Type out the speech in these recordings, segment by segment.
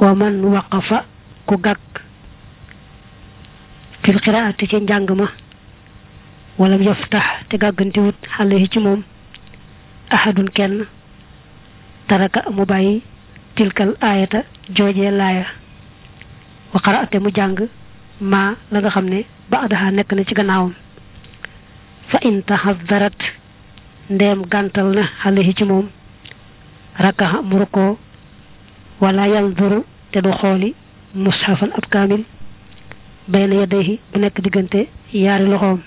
wa man waqafa ku gàkk fil qiraati ci njàng ma walam yaftax te gàggantiwut xale yi ci moom ahadun kenn taraka mu bàyyi tilkal aayata joojee laaya wa mu jàng maa la nga xam ne baadaha nekk na ci gannaawam fa in tahaddarat ndeem gàntal na xale yi ci moom rakaxa mu rukkoo wala yanzuru te du xooli mushafan ab kaamil bayna yadayhi bu nekk diggante yaari loxoom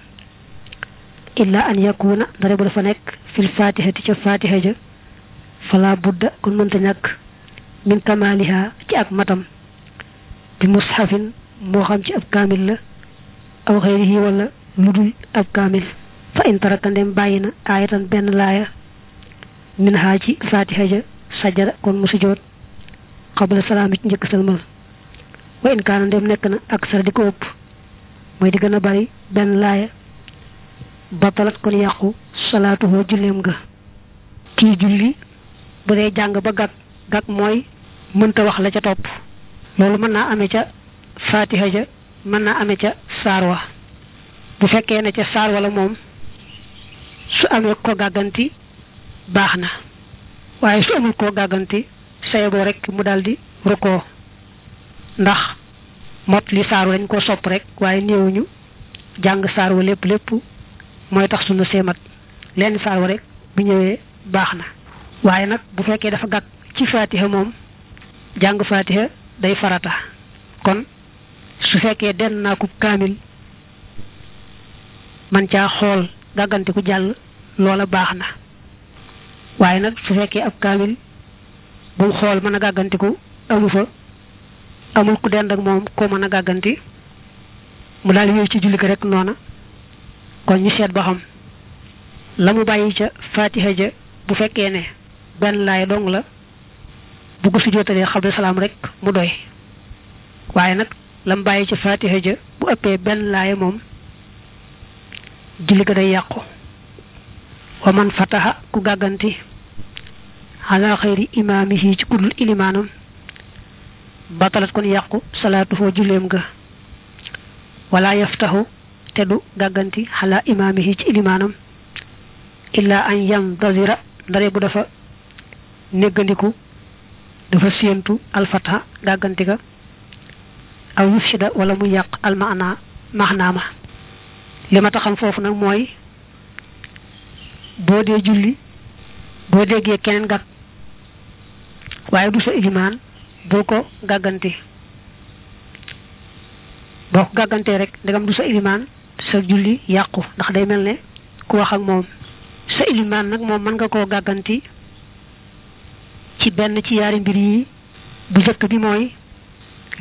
illa an yakuna dara bu dafa nekk fil fatihati ca fatiha ja fala budda kon mënta ñàkk min kamaliha ci ak matam bi mushafin moo xam ci ab kaamil la aw xayrihi wala lu dul ab kaamil fa in bàyyi na aayatan benn laaya min haa ci fatiha ja sajara kon mu sujjoot qabla salaam ci njëkk salmal wa in kaana dem nekk na ak sar di ko ëpp mooy di gën a bari benn laaya batalat kon yàqu salaatu hoo julleem nga kii julli bu dee jàng ba gàgg gàgg mooy mënta wax la ca topp loolu mën naa ame ca faatiha ja mën naa ame ca saar wa bu fekkee ne ca saar wala moom su amee ko gàgganti baax na waaye su amee koo gàgganti sayebo rek mu daal di rukkoo ndax mott li saaru dañ ko sopp rek waaye néewuñu jàng saar wa lépp lépp mooy tax sunu seemat lenn saar wa rek bu ñëwee baax na waaye nag bu fekkee dafa gàtt ci fatiha moom jàng fatiha day farata kon su fekkee denn naa ko kaamil man caa xool gàggante ku jàll loola baax na waaye nag su fekkee ab kaamil bul xool mën a gàggantiku amu fa amul ku dend ak moom koo mën a gàgganti mu daal ñëw ci julli gi rek noona kon ñu seet ba xam la mu bàyyi ca fatiha ja bu fekkee ne benn laay dong la bu ko sujjóotalee xabla salaam rek mu doy waaye nag la mu bàyyi ca fatiha ja bu ëppee benn laay moom julli ga day yàqu wa man fataha ku gàgganti ala xayri imaamihi ci ilimaanam batalat kon yàqu salaatu foo julleem ga wala yaftaxu te du dàgganti ala imaamihi ci ilimaanam illa an yam dazira ndare bu dafa néggandiku dafa séentu alfata gàgganti ga aw yufsida wala mu yàq almaana maxnaa ma li ma foofu nag mooy boo dee julli boo déggee keneen gat waaye bu sa ilimaan bul ko gàggante boo ko gàggantee rek ndegam du sa ilimaan sa julli yàqu ndax day mel ne ku wax ak moom sa ilimaan nag moom mën nga koo gàgganti ci benn ci yaari mbir yi bu jëkk bi mooy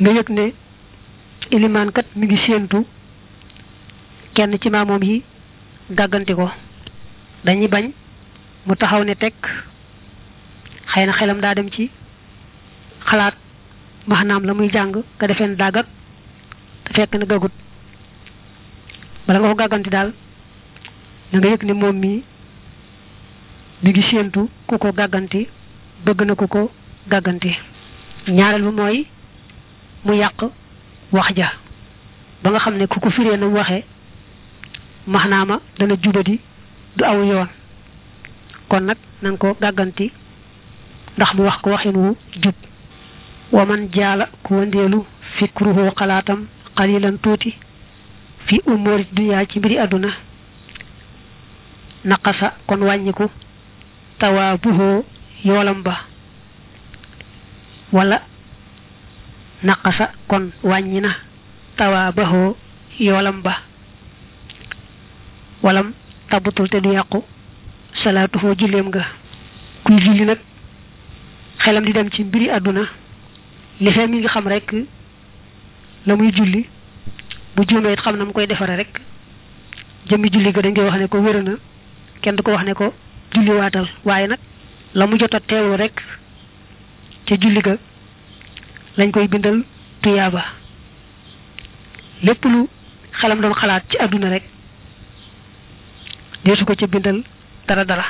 nga yëg ne ilimaan mu ngi séentu kenn ci maamoom yi gàgganti ko dañuy bañ mu taxaw ne teg xëy na xelam daa dem ci xalaat maanaam la muy jàng nga defee ne fekk na gàggut bala nga ko gàgganti daal da nga yëg ne moom mii mi ngi séentu ku ko gàgganti bëgg na ku ko gàgganti ñaareel bi mooy mu yàq wax ja ba nga xam ne ku ko firee na waxee maxnaama dana jubadi du aw yoon kon nag na nga ko gàgganti ndax mu wax ko waxin wu jub wa man jaala ku wëndeelu fikruhu xalaatam xalilan tuuti fi umóori duniyaa ci mbiri àdduna naqasa kon wàññiku tawaabuhu yoolam ba wala naqasa kon wàññi na tawaabahu yoolam ba walam tabutul te du yàqu salaatuhu julleem nga kuy julli nag xelam di dem ci mbiri àdduna li fee mi ngi xam rek la muy julli bu juumee it xam na mu koy defaree rek jëmmi julli ga dañ koy wax ne ko wér na kenn du ko wax ne ko julliwaatal waaye nag la mu jot a teewlu rek ci julli ga lañ koy bindal tuyaaba lépp lu xelam doon xalaat ci àdduna rek deesu ko ci bindal dara dara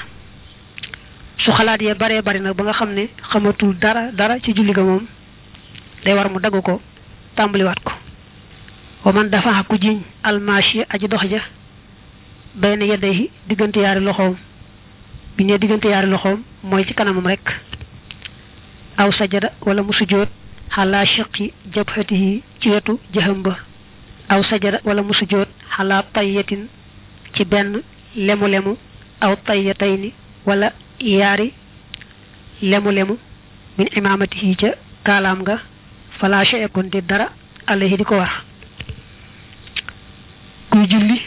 su xalaat yee baree bari nag ba nga xam ne xamatul dara dara ci julli ga moom day war mu dagg ko tàmbaliwaat ko wa man dafa ku jiñ almaashi aji dox ja bay na yedday diggante yaari loxoom bi ne diggante yaari loxoom mooy ci kanamam rek aw sajada wala mu sujjóot xalaa shiqi jabhatihi ci wetu jëxam ba aw sajada wala mu sujjóot xalaa tayyatin ci benn lemu lemu aw tayyatayni wala yaari lemu lemu min imaamatihi ca kaalaam nga fala chekonte dara alayhi di ko war kuy julli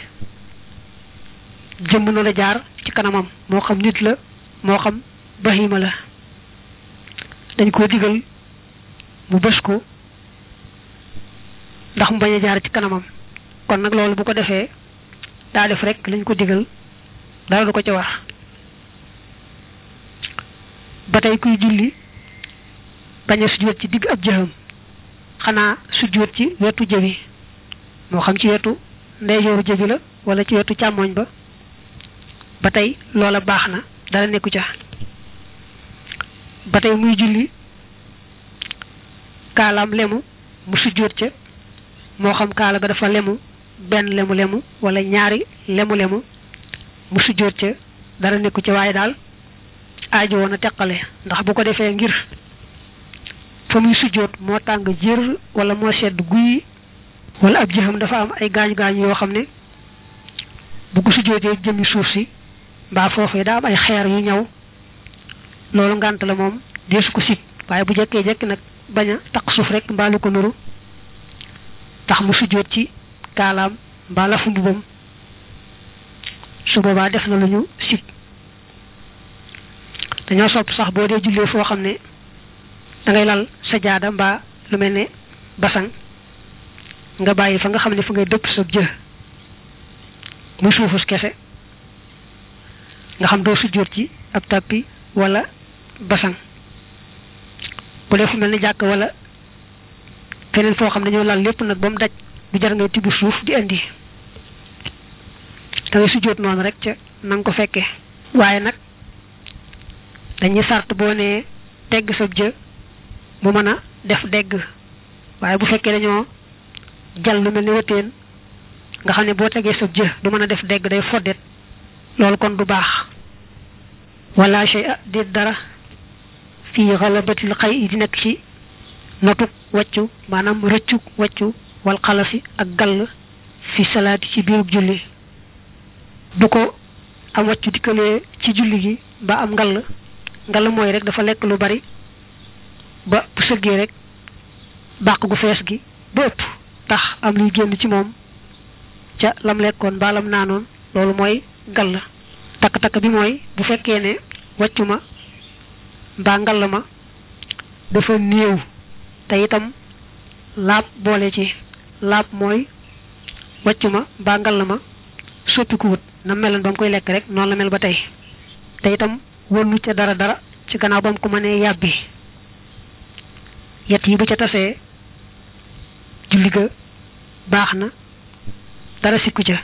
jëmm na la jaar ci kanamam moo xam nit la moo xam bahima la dañ koo digal mu bës ko ndax mu bañ jaar ci kanamam kon nag loolu bu ko defee daa def rek lañ ko digal dara du ko ci wax ba tey kuy julli bañ a sujjóot ci digg ab jëxam xanaa sujjóot ci wetu jëbi moo xam ci wetu ndeyjooru jëbi la wala ci wetu càmmoñ ba ba tey loola baax na dara nekku ca ba tey muy julli kaalaam lemu mu sujjóot ca moo xam kaala ga dafa lemu benn lemu lemu wala ñaari lemu lemu mu sujjóot ca dara nekku ca waaye daal aajo woon a teqale ndax bu ko defee ngir fa muy sujjóot moo tàng jër wala moo sedd guy wala ab jëfam dafa am ay gaañu gaañu yoo xam ne bu ko sujjóotee jëmmi suuf si mbaa foofee daa am ay xeer yu ñaw loolu ngànt la moom deesu ko sit waaye bu jekkee jekki nag bañ a suuf rekk mbaa ko nuru tax mu sujjóot ci kaalaam mbaa la fu mbubam su boobaa def na lu ñu sit dañoo sopp sax boo dee jullee foo xam ne dangay ngay lal sajaada mbaa lu mel ne basang nga bàyyi fa nga xam ne fa ngay dëpp sa jë muy suufus kese nga xam doo sujjóot ci ab tàppi wala basang bu dee fu mel ni jàkk wala feneen foo xam ne ñoo lal lépp nag ba mu daj du jar ngay tibb suuf di indi da ngay sujjóot noonu rek ca na ko fekkee waaye nag dañuy sart boo nee tegg sa jë mu mën a def dégg waaye bu fekkee dañoo jal mel ni wëteen nga xam ne boo tegee sab jë du mën a def dégg day foddet loolu kon bu baax wala shay a dara fii xalabatil xay yi di nekk ci notuk wàccu maanaam rëccuk wàccu wal xalasi ak gal fi salaati ci biirug julli bu ko am wàccu dikkalee ci julli gi ba am ngall ngall mooy rek dafa lekk lu bari ba bu sëggee rek bàq gu fees gi ba ëpp tax am luy génn ci moom ca lam lekkoon mbaa naa noon loolu mooy gàll takk-takk bi mooy bu fekkee ne wacc ma mbaa ngàll ma dafa néew te itam laab boole ci laab mooy wàccu ma mbaa ngàll ma soppiku wut na meloon ba mu koy lekk rek noonu la mel ba tey te itam wënnu ca dara dara ci gannaaw ba mu ko mënee yàbbi yett yi bu ca tasee julli ga baax na dara sikku ca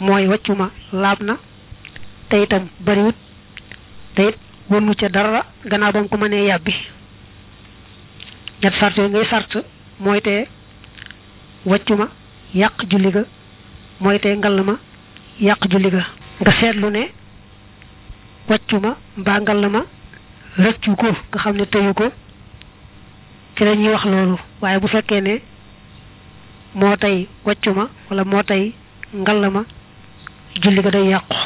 mooy wàccu ma laab na te itam bariwut te it ca dara gannaaw ba nga ko mënee yàbbi ñett sart yooyu ngay sart mooy te wàccu ma yàq julli ga mooy te ngall ma yàq julli ga nga seetlu ne wàccu ma mbaa ngall ma rëccu ko nga xam ne tëyu ko ci la ñuy wax loolu waaye bu fekkee ne moo tey wàccu ma wala moo tey ngalla ma julli ko day yàqu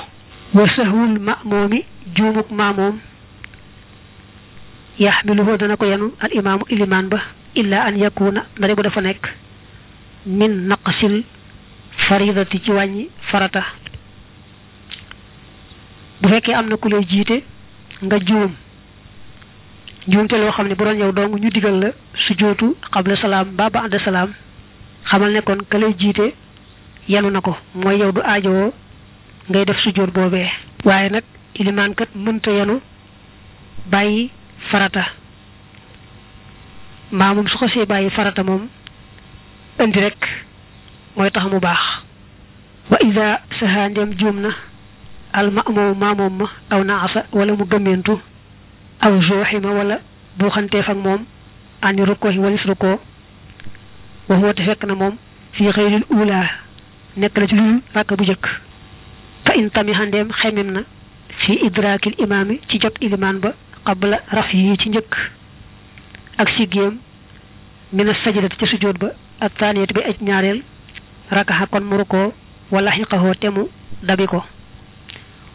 wa sahwul mamoomi juumuk mamoom yaxmiluhu dana ko yenu al imaamu ilimaan ba illa an yakuna ndare bu dafa nekk min naqasil faridati ci wàññi farata bu fekkee am na ku lay jiite nga juum njuumte loo xam ne bu doon yow dong ñu digal la sujootu xabla salaam mbaa ba ànd salaam xamal ne kon jiite yanu na ko mooy yow du aajowoo ngay def sujoot boobee. waaye nag ilimaan kat mënta yanu bàyyi farata mbaa moom su ko see bàyyi farata moom indi rek mooy tax mu baax. wa ida saxaandeem juum na al maamoom maamoom ma aw naasa wala mu gëmmeentu aw jooxima wala buuxanteef ak moom ani rukkoo walis rukkoo waxuwa te fekk na moom fii xëyril ula nekk na ci lu ràkk bu jëkk fa in tami xandeem xemem na fi idrakil imaami ci jot ilimaan ba qabla raf yi ci njëkk ak siggéem mina sajidati ca sujjóot ba ak taaniyati bi aj ñaareel rakaxa kon mu rukkoo wala xiqaxoo te mu dabi ko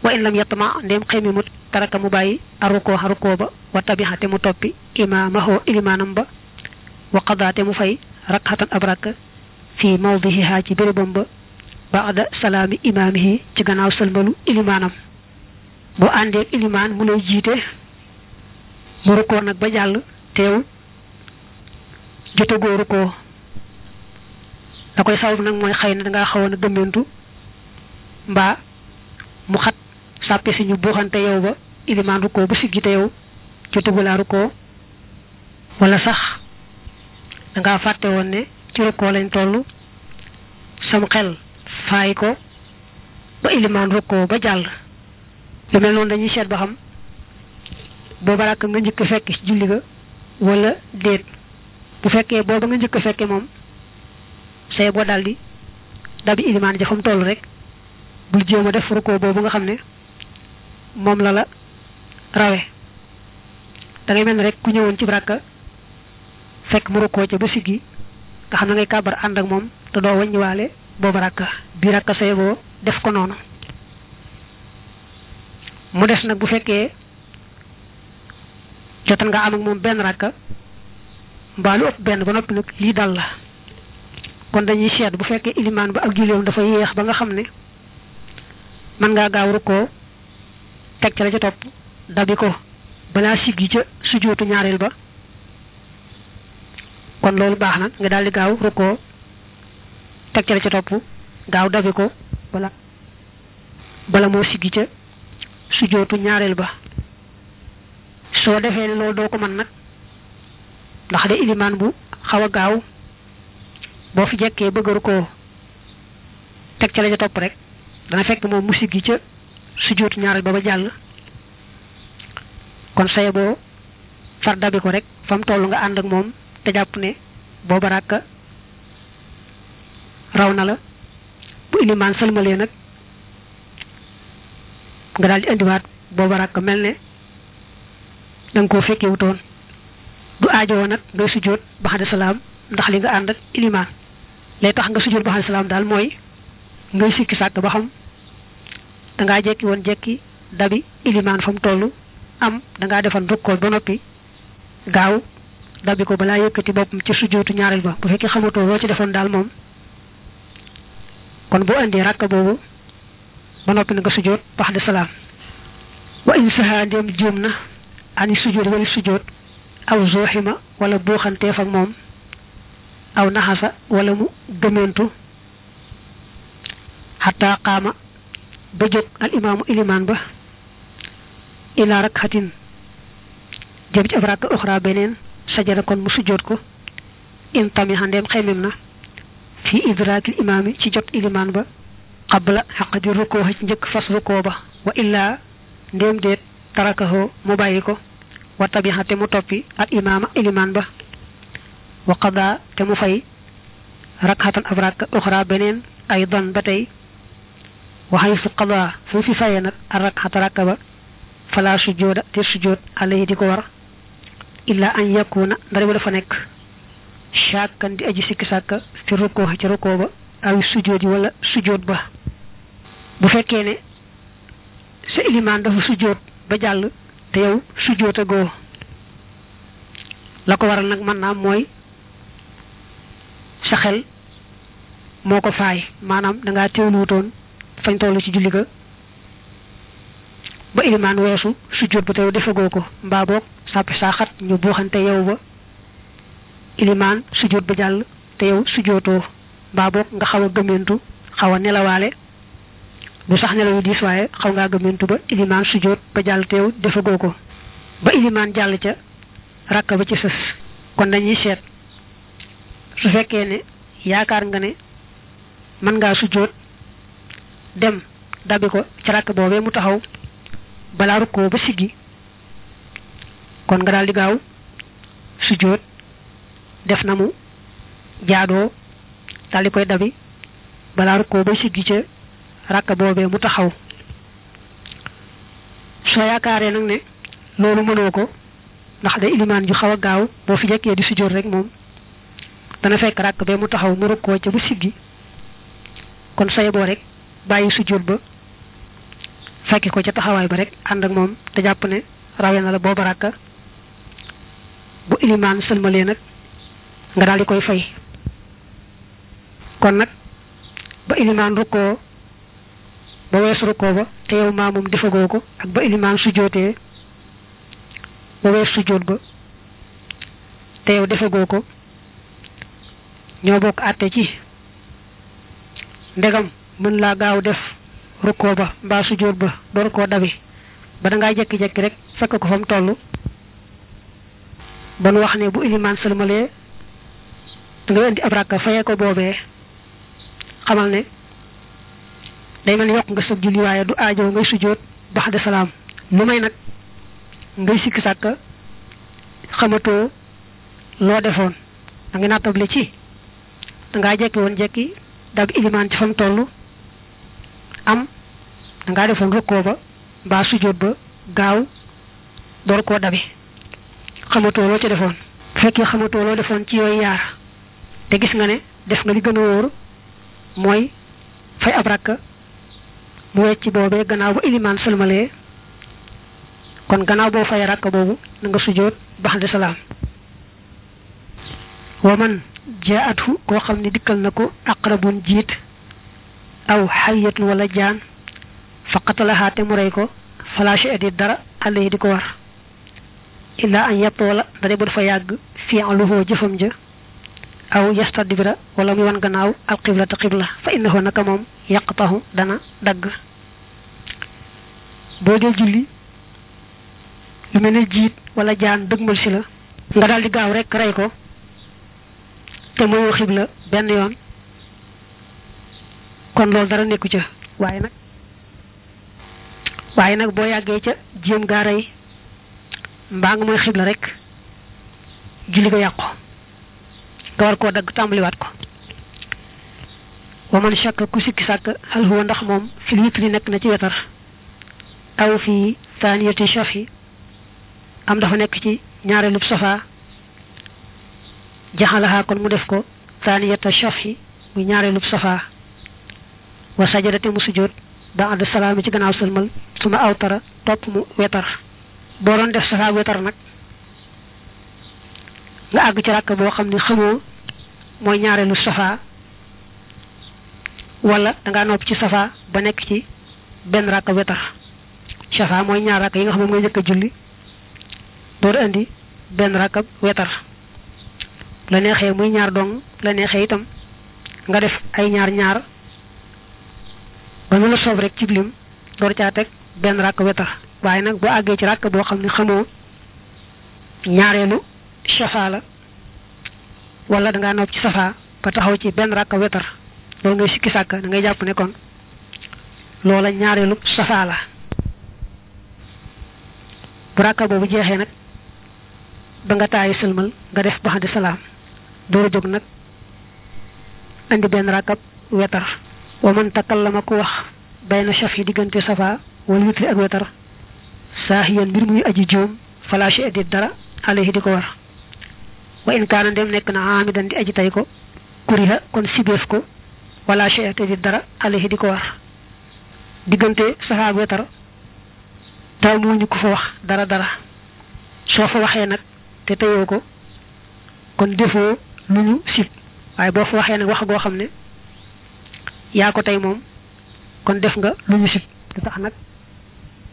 wa in lam yettama ndéem xëymi mut taraka mu bàyyi arukoo xarukoo ba wa tabixate mu toppi imaamahoo ilimaanam ba wa qadaate mu fay rakxatan ab rakk fii mawdihihaa ci bérébam ba baada salaami ilimaan mu lay jiite mu rukkoo nag ba jàll teew jotagoo rukkoo da koy sabab nag mooy xëy na danga xawoon a gëmmentu mbaa mu xat sàppi si ñu buuxante yow ba ilimaan rukkoo ba siggi te yow jotu balaa rukkoo wala sax dangaa fàtte woon ne ci rukkoo lañ toll sam xel faay ko ba ilimaan rukkoo ba jàll lu mel noonu dañuy seet ba xam booba ràkk nga njëkk fekk ci julli ga wala déet bu fekkee booba nga njëkk fekke moom say boo daldi dabi ilimaan ja fa toll rek bul jéem a def rukkoo boobu nga xam ne moom la la rawe dangay mel ne rek ku ñëwoon ci ràkka fekk mu rukkoo ca ba siggi nga xam ne ngay kàbbar ànd ak moom te doo wàññiwaale boobu ràkka bii ràkka say boo def ko noonu mu des nag bu fekkee jotan nga am ak moom benn ràkka mbaa ëpp benn ba noppi nag lii dal la kon dañuy seet bu fekkee ilimaan ba ak julleem dafa yéex ba nga xam ne mën ngaa gaaw rukkoo teg ca la ca topp dabi ko balaa siggi ca sujootu ñaareel ba kon loolu baax na nga daal di gaaw rukkoo teg ca la ca topp gaaw dabi ko bala bala moo siggi ca sujootu ñaareel ba soo defee ne loolu doo ko mën nag ndax de ilimaan bu xaw a gaaw boo fi jekkee bëgga rukkoo teg ca la ca topp rek dana fekk moom mu siggi ca sujjóot ñaareel ba ba jàll kon saye boo far dabi ko rek fa mu toll nga ànd ak moom te jàpp ne booba ràkka raw na la bu ilimaan sëlmalee nag nga daal di indiwaat booba ràkka mel ne da koo fekkee wutoon du aajowoo nag ngay sujjóot ba xaddi salaam ndax li nga ànd ak ilimaan lay tax nga sujjóot ba xaddi salaam daal mooy ngay sikki sàkk ba xam dangaa ngaa jekki woon jekki dabi ilimaan fa mu toll am da ngaa defan rukkoo ba noppi gaaw dabi ko balaa yëkkati boppam ci sujjootu ñaareel ba bu fekkee xamatoo loo ci defoon daal moom kon boo indi rakk boobu ba noppi na nga sujjoot bax de salaam wa in sahaa ndéem juum na ani sujjoot wala sujjoot aw zooxima wala buuxanteef ak moom aw naxasa walla mu gëmëntu xataa ba jóg al ilimaan ba ilaa rakkatin jëm ci ab rakka uxra beneen sajada kon mu sujjóot ko in tamiha ndeem fi idraakil imaami ci jot ilimaan ba qabla xaq di rukkoo ci njëkk fas rukkoo ba wa illaa ndéem déet tarakaho mu bàyyi ko wa tabiha mu toppi al ilimaan ba wa qadaa te mu fay rakkatan ab rakka uxra beneen ay don ba tey waxay fu xadaa fu fi fayee nag arrakaata rakka ba fala sujjooda te sujjoot alayhi di ko war illaa an yakuna ndare ba dafa nekk shakkan di aji sikki ci rukkoo ci rukkoo ba aw sujjoot ba bu fekkee ne sa ilimaan dafa sujjoot ba jàll te yow sujjoot goo la ko waral nag mën naa mooy sa xel moo ko faay maanaam da ngaa teewluwutoon fañ toll ci julli ga ba ilimaan weesu sujjóot ko mbaa boog sàppi saaxat ñu buuxante yow te yow sujjóotoo mbaa boog nga xaw gëmmentu xaw a nelawaale bu sax nelaw xaw ngaa gëmmentu ba ilimaan sujjóot ba jàll te yow defagoo ko ba ilimaan jàll ca rakk ba ci sës kon dañuy seet su fekkee ne yaakaar nga ne mën ngaa sujjóot dem dabi ko ci rakk boobee mu taxaw balaa rukkoo ba siggi kon nga daal di gaaw sujjóot def na mu jaadoo daal di koy dabi balaa rukkoo ba siggi ca rakk boobee mu taxaw soo yaakaaree nag ne loolu mënoo ko ndax da ilimaan yu xaw a gaaw boo fi jekkee di sujjóot rek moom dana fekk rakk bee mu taxaw mu rukkoo ca bu siggi kon sayeboo rek bàyyi sujjóot ba fekke ko ca taxawaay ba rek ànd ak moom te jàpp ne rawee na la booba ràkka bu ilimaan sëlmalee nag nga daal di koy fay kon nag ba ilimaan rukkoo ba weesu rukkoo ba te yow maamum defagoo ko ak ba ilimaan sujjóotee ba weesu sujjóot ba te yow defagoo ko ñoo bokk àtte ci ndegam mën laa gaaw def rukkoo ba mbaa sujjóot ba ba rukkoo dabi ba da ngaa jekki-jekki rek fekk ko fa mu toll ba nu wax ne bu ilimaan sëlmalee da nga indi ab rakka fayee ko boobee xamal ne day mel ne yokk nga sëb julli waaye du aajo ngay sujjóot bax de salaam lu nag ngay sikki sàkka xamatoo loo defoon da nga naatable ci da ngaa jekki woon jekki dab ilimaan ci fa mu toll am dangaa defoon rukkoo ba mbaa sujjóot ba gaaw door koo dabi xamatoo loo defoon bu fekkee xamatoo defoon ci yooyu yaar te gis nga ne def nga li gën a wóor mooy fay ab rakk mu wecc boobee gannaaw ba ilimaan sëlmalee kon gannaaw boo fay rakk boobu na sujjóot baxande koo xam ne dikkal na ko aqrabun jiit aw xayatun wala jaan fa qatalahaa te mu rey ko fala shay'a di dara alayhi di ko war illaa an yatoola dare ba dafa yàgg fi'luhu jëfam ja aw yastadbira wala muy wan gannaaw alqiblata qibla fa innahu naka moom yaqtahu dana dagg boo dee julli lu mel ne jiit walla jaan dëgmal si la nga daal di gaaw rek rey ko te moyu xibla benn yoon kon loolu dara nekku ca waaye nag waaye nag boo yàggee ca jéem gaa rey mbaa nga mooy xibla rek julli ko yàqu nga war koo dagg tàmbaliwaat ko wa man shakka ku sikki sàkk hal huwa ndax moom fil li nekk na ci wetar aw fi taaniyati shafi am dafa nekk ci ñaareelub safa jaxalaha kon mu def ko taaniyata shafi ñaareelu ñaareelub safa wa sajadate mu sujjóot ba ànd salaam ci gannaaw sëlmal suma ma awtara topp mu wetar boo doon def safaa wetar nag nga àgg ci ràkk boo xam ne xamoo mooy ñaareelu safa walla dangaa nopp ci safa ba nekk ci benn ràkk wetar safa mooy ñaar ràkk yi nga xam mooy njëkk a julli door indi benn ràkk wetar la neexee muy ñaar dong la neexee itam nga def ay ñaar ñaar ba lu la soob rek cib lim door caa teg benn ràkk wetar waaye nag boo àggee ci ràkk boo xam ne xamoo ñaareelu safa la wala da ngaa nopp ci safa ba taxaw ci benn ràkk wetar loolu ngay sikki sàkk da ngay jàpp nekkoon kon loola ñaareelu safa la bu ràkk boobu jeexee nag ba nga taayi sëlmal nga def baxandi salaam door a jóg nag andi benn ràkkab wetar takkal la ma ku wax bayna shaf yi diggante safa wala witri ak wetar saahiyan mbir muy aji juum fala shi di dara alayhi di ko war wa in kaana dem nekk na amidan di aji tay ko kuriha kon sibeef ko wala shi di dara alayhi di ko war diggante safa ak wetar taamuñu ko fa wax dara dara soo fa waxee nag te tayoo ko kon defoo lu ñu sib waaye boo fa waxee nag wax goo xam ne yaa ko tey moom kon def nga lu ñu sib lu tax nag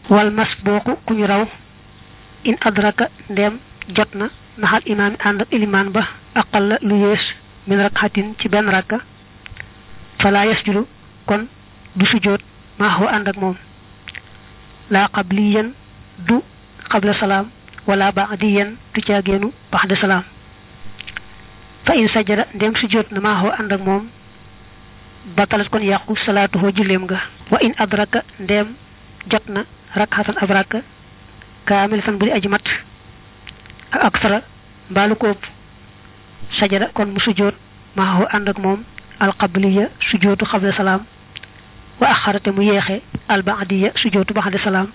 wal mas booku ku ñu raw in adraka ndeem jot na naxal imaam yi ànd ak ilimaan ba aqal la lu yées min rakxatin ci benn rakka fala yasjudu kon du sujjóot maaxoo ànd ak moom laa qabliyan du qabla salaam wala baadiyan du caageenu baxda salaam fa in sajada ndem sujjóot na maaxoo ànd ak moom batalas kon yàqu salaatuhoo julleem nga wa in adraka ndeem jot na rakxatan ab rakk kaamil san bu di aji mat ak aksara mbaalu kóob sajada kon mu sujjoot maaxoo ànd ak moom alqabliya sujjootu xable salaam wa axarate mu yeexe albaadiya sujjootu baxde salaam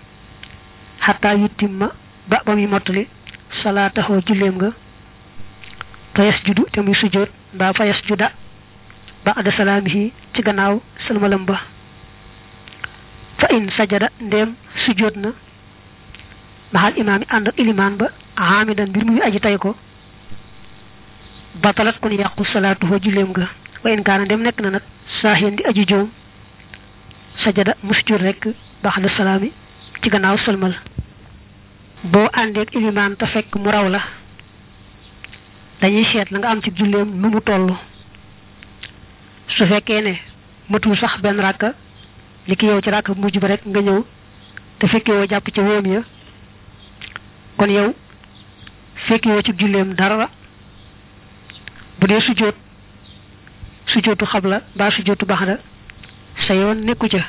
xataa yutimma ba ba muy mottali salaataxoo julleem nga fa yasjudu te muy sujjoot mbaa fa yasjuda ba ada salaamihi ci gannaaw salmalam ba fa in sajada ndéem sujjóot na maxal imaam yi ànd ilimaan ba xaamidan mbir muy aji tay ko batalat kon yàqu salaatu fa julleem ga wa in kaana ndéem nekk na nag saaxiin di aji joom sajada mu sujjóot rekk ba ada salaami ci gannaaw salmal boo àndeek ilimaan te fekk mu raw la dañuy seet la nga am ci julleem nu mu tollu su fekkee ne matul sax benn ràkka li ki yow ci ràkka mujj ba rek nga ñëw te fekkee woo jàpp ca wóom ya kon yow fekkee ci julleem dara bu dee sujjóot sujjóotu xabla mbaa sujjóotu baxda sa yoon nekku ca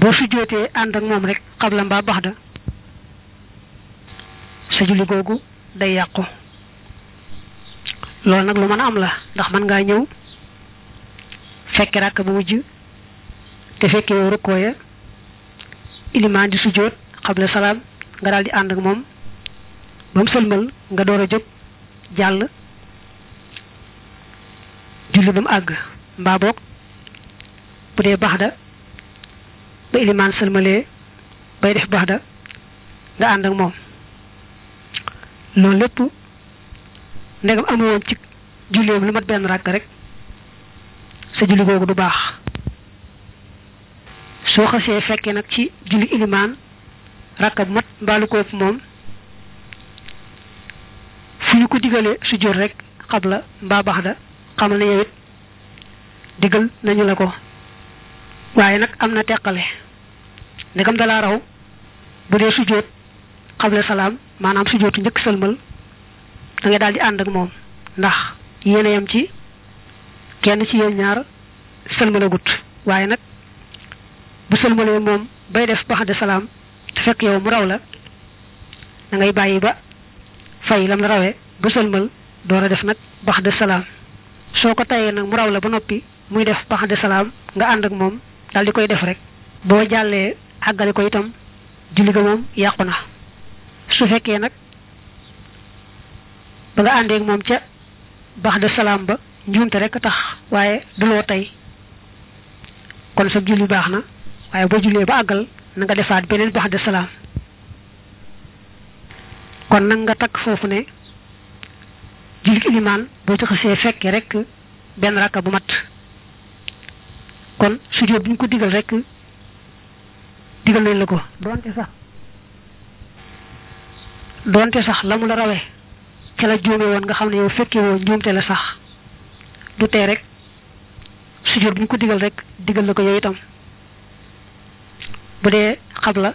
boo sujjóotee ànd ak moom rek xabla mbaa baxda sa julli googu day yàqu loolu nag lu mën a am la ndax mën ngaa ñëw fekke ràkk ba mujj te fekke yow rukkoo ya ilimaan di sujjóot xable salaam nga daal di ànd ak moom ba mu sëlmal nga door a jóg jàll julli ba mu àgg mbaa boog bu dee baax da ba ilimaan sëlmalee bay def baax da nga ànd ak moom loolu lépp ndegam amu woon ci julleem lu mat benn ràkk rek sa julli googu du baax soo xasee fekkee nag ci julli ilimaan ràkk bu mat mbaalu ko ëpp moom fu ñu ko digalee su jot rek xabla mbaa baax da xamal ne yow it digal nañu la ko waaye nag am na teqale ndegam dalaa raw bu dee su jot xabla salaam maanaam su jotu njëkk sëlmal da ngay daal di ànd ak moom ndax yéen a yem ci kenn ci yéen ñaar sëlmalagut waaye nag bu sëlmalee moom bay def baxande salaam te fekk la da bàyyi ba fay lam la rawee ba sëlmal def nag baxande salaam soo ko tayee nag mu raw la ba noppi muy def baxande salaam nga ànd ak moom daal di koy def rek boo jàllee àggale ko itam julli ga moom yàqu na su fekkee nag ba nga àndeek moom ca baax de salaam ba njuunte rek a tax waaye du loo tey kon sa julli baax na waaye boo jullee ba àggal na nga defaat beneen bax de salaam kon nag nga takk foofu ne jullit ilimaan boo ci xasee fekke rek benn rakka bu mat kon sujjóot bu ñu ko digal rek digal nañ la ko doonte sax doonte sax la mu la rawee ca la juume woon nga xam ne yow fekke woo njuumte la sax du tee rek sujjóot bu ñu ko digal rek digal la ko yow itam bu dee xabla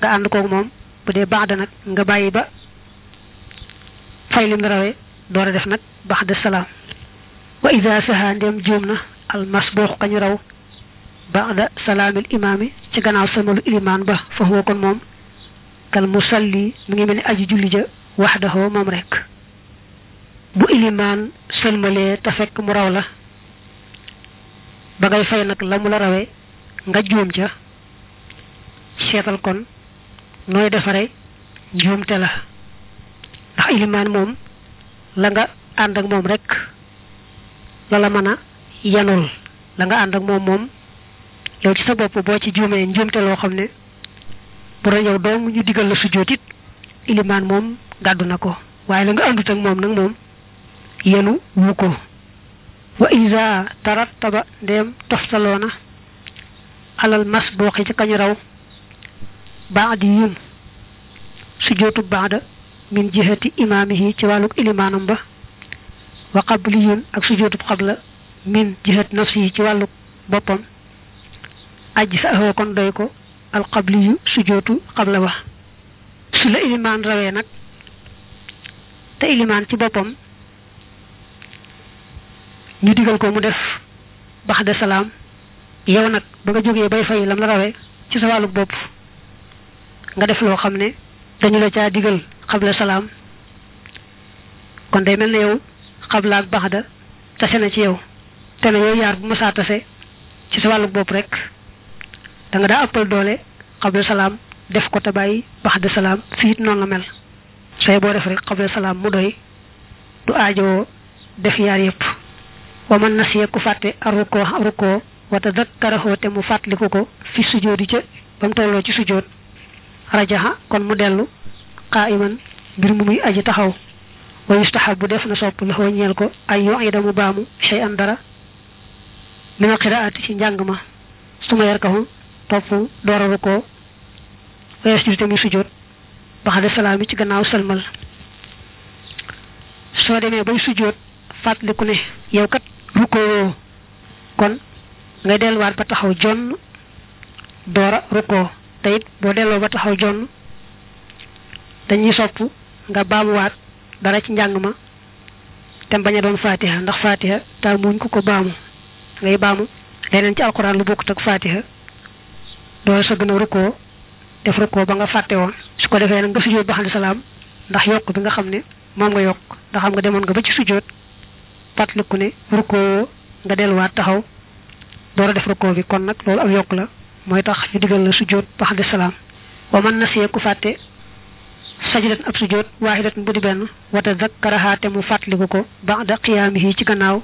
nga ànd koog moom bu dee baax da nag nga bàyyi ba fay lim rawee door a def nag baax de salaam wa ida saha ndem juum na almasbuux kañu raw baax da salaamil imaami ci gannaaw salmalu ilimaan ba fa huwa kon moom kal musalli mu ngi mel ni aji julli ja waxdahu moom rek bu ilimaan sëlmalee te fekk mu raw la ba ngay fay nag la mu la rawe nga juum ca seetal kon nooy defare njuumte la ndax ilimaan moom la nga ànd ak moom rek la la mën a yanul la moom moom yow ci sa bopp boo ci juumee njuumte loo xam ne bu doon yow dong ñu digal la sujjóot it ilimaan moom gàddu na ko waaye la nga àndut ak moom nag moom yenu wu ko wa isa tarattaba ndéem toftaloona alal masbuqi ci kañu raw baadi yun su jootu baada min jihati imaamihi ci wàlluk ilimaanam ba wa qabli yun ak su jootub qabla min jihat nafsihi ci wàlluk boppam ajj sa ahoo kon doy ko al qabli yu su jootu su la ilimaan rawee nag te ilimaan ci boppam ñu digal ko mu def bax salaam yow nag ba nga jógee bay fay lam la rawee ci sa wàllu bopp nga def loo xam ne dañu la caa digal xable salaam kon day mel ne yow xabla ak bax tase na ci yow te na yow yaar bu ma saa tase ci sa wàllu bopp rek danga daa ëppal doole xabla salaam def ko te bàyyi bax salaam fii it noonu la mel say boo def rek xabla salaam mu doy du aajowoo def yaar yëpp. wa man nasiya ku fàtte arukoo arukoo wa tadakkarahu te mu fàttaliku ko fi sujoodi ca ba mu tolloo ci sujood rajaxa kon mu dellu qaa'iman mbir mu muy aji taxaw wa yustahabu def na sopp la ñeel ko ay yoo ida mu baamu shay'an dara mina qiraati ci njàng ma su ma yarkahu topp door a rukoo wa yasjudu te muy sujood salaam yi ci gannaaw sëlmal soo demee bay sujood fàttaliku ne yow kat rukkoo kon nga delluwaat ba taxaw jonn doora rukkoo te it boo delloo ba taxaw jonn dañuy sopp nga baamuwaat dara ci njàng ma te bañ a doon fatiha ndax fatiha taamuñ ko ko baamu ngay baamu leneen ci alxuraan lu bokkut ak fatiha doora sa na a rukkoo def rukkoo ba nga fàtte woon su ko defee ne nga sujjóot ba xam ne salaam ndax yokk bi nga xam ne moom nga yokk ndax xam nga demoon nga ba ci sujjóot fàttaliku ne rukkoo nga delluwaat taxaw door def rukkoo bi kon nag loolu ak yokk la mooy tax ñu digal la sujjóot bax de salaam wa man na siyeeku fàtte sajidatan ab sujjóot waahidatan bu di benn wata zakkaraha te mu fàttaliku ko ba'da qiyaamihi ci gannaaw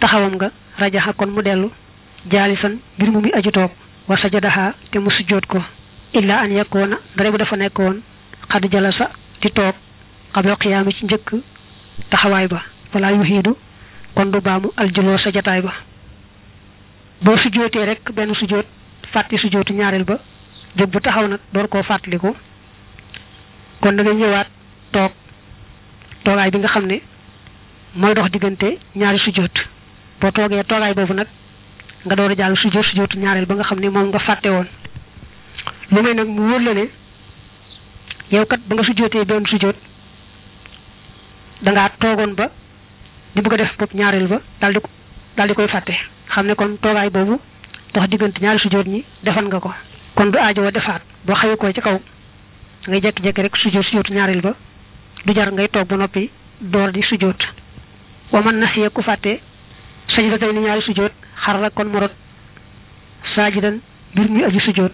taxawam nga rajaxa kon mu dellu jaalisan mbir mu muy aju toog wa sajadaha te mu sujjóot ko illaa an yakkoona ndare bu dafa nekkoon xad sa di toog qabla qiyaami ci njëkk taxawaay ba wala yuxiidu kon du baamu aljuloo sa jataay ba boo sujootee rek benn sujoot fàtti sujootu ñaareel ba jóg bu taxaw nag door koo ko kon da ñëwaat toog toogaay bi nga xam ne mooy dox diggante ñaari sujoot boo toogee toogaay boobu nag nga door a jàll sujoot sujootu ñaareel ba nga xam ne moom nga fàtte woon lu may nag mu wóor la ne yow kat ba nga sujootee benn sujoot dangaa toogoon ba di bëgg a def bopp ñaareel ba daal di daal di koy fàtte xam ne kon toogaay boobu dox diggante ñaari sujjóot ñi defan nga ko kon du aajowoo defaat boo xawe ko ci kaw ngay jekki-jekki rek sujjóot sujjóotu ñaareel ba du jar ngay toog ba noppi door di sujjóot wa man nasiya ku fàtte sajdatay ni ñaari sujjóot xar la kon morot saajidan mbir muy aji sujjóot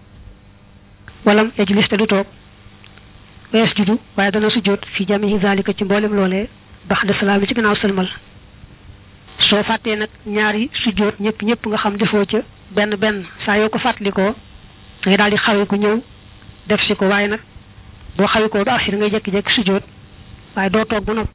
walam yajlis te du toog wees judu waaye dana sujjóot fi jamihi ko ci mboolem loolee bax de salaam bi ci gannaaw sëlmal soo fàttee nag ñaari sujjóot ñëpp ñëpp nga xam defoo ca benn benn saa yoo ko fàttalikoo ngay daal di xawee ko ñëw def si ko waaye nag boo xawee ko ba àggsi da ngay jékki-jékki sujjóot waaye doo toog ba noppi